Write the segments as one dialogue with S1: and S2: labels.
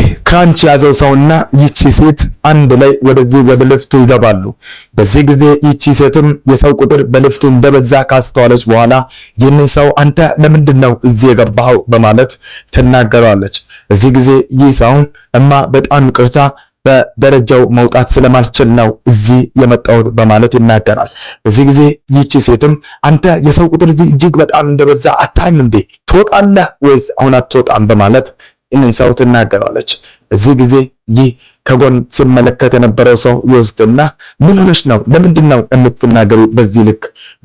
S1: ይህ ክራንች ያዘው ሰውና ይቺ ሴት አንድ ላይ ወደዚህ ወደ ልፍቱ ይገባሉ። በዚህ ጊዜ ይቺ ሴትም የሰው ቁጥር በልፍቱ እንደበዛ ካስተዋለች በኋላ ይህንን ሰው አንተ ለምንድን ነው እዚህ የገባኸው በማለት ትናገራለች። በዚህ ጊዜ ይህ ሰው እማ በጣም ይቅርታ በደረጃው መውጣት ስለማልችል ነው እዚህ የመጣሁት በማለት ይናገራል። በዚህ ጊዜ ይቺ ሴትም አንተ የሰው ቁጥር እዚህ እጅግ በጣም እንደበዛ አታይም እንዴ? ትወጣለህ ወይስ አሁን አትወጣም? በማለት ይህን ሰው ትናገረዋለች። በዚህ ጊዜ ይህ ከጎን ሲመለከት የነበረው ሰው ይወስድና ምን ሆነች ነው ለምንድን ነው የምትናገሩ በዚህ ልክ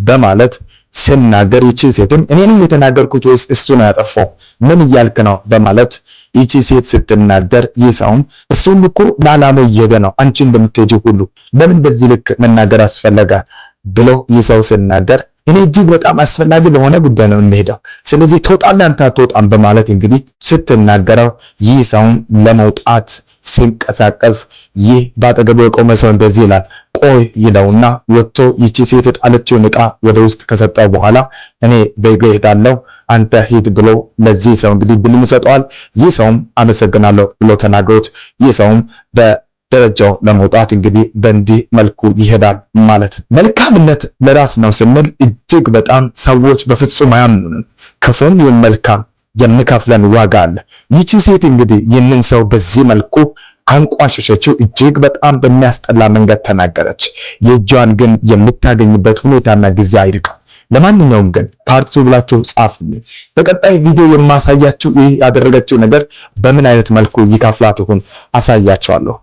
S1: በማለት ሲናገር፣ ይቺ ሴትም እኔ ነኝ የተናገርኩት ወይስ እሱ ነው ያጠፋው? ምን እያልክ ነው በማለት ይቺ ሴት ስትናገር፣ ይህ ሰውም እሱም እኮ ለዓላማው እየሄደ ነው አንቺ እንደምትሄጂው ሁሉ ለምን በዚህ ልክ መናገር አስፈለገ ብሎ ይህ ሰው ሲናገር እኔ እጅግ በጣም አስፈላጊ ለሆነ ጉዳይ ነው የሚሄደው። ስለዚህ ትወጣለህ አንተ አትወጣም በማለት እንግዲህ ስትናገረው ይህ ሰውን ለመውጣት ሲንቀሳቀስ ይህ በአጠገቡ የቆመ ሰው እንደዚህ ይላል፣ ቆይ ይለውና ወጥቶ ይቺ ሴት የጣለችውን ዕቃ ወደ ውስጥ ከሰጠው በኋላ እኔ በእግሬ እሄዳለሁ አንተ ሂድ ብሎ ለዚህ ሰው እንግዲህ ብልም ይሰጠዋል። ይህ ሰውም አመሰግናለሁ ብሎ ተናግሮት ይህ ሰውም ደረጃው ለመውጣት እንግዲህ በእንዲህ መልኩ ይሄዳል ማለት ነው። መልካምነት ለራስ ነው ስንል እጅግ በጣም ሰዎች በፍጹም አያምኑንም። ክፉም ይሁን መልካም የሚከፍለን ዋጋ አለ። ይቺ ሴት እንግዲህ ይህንን ሰው በዚህ መልኩ አንቋሸሸችው፣ እጅግ በጣም በሚያስጠላ መንገድ ተናገረች። የእጇን ግን የምታገኝበት ሁኔታና ጊዜ አይርቅም። ለማንኛውም ግን ፓርቱ ብላችሁ ጻፉልኝ። በቀጣይ ቪዲዮ የማሳያችሁ ይህ ያደረገችው ነገር በምን አይነት መልኩ ይከፍላት ይሆን አሳያችኋለሁ።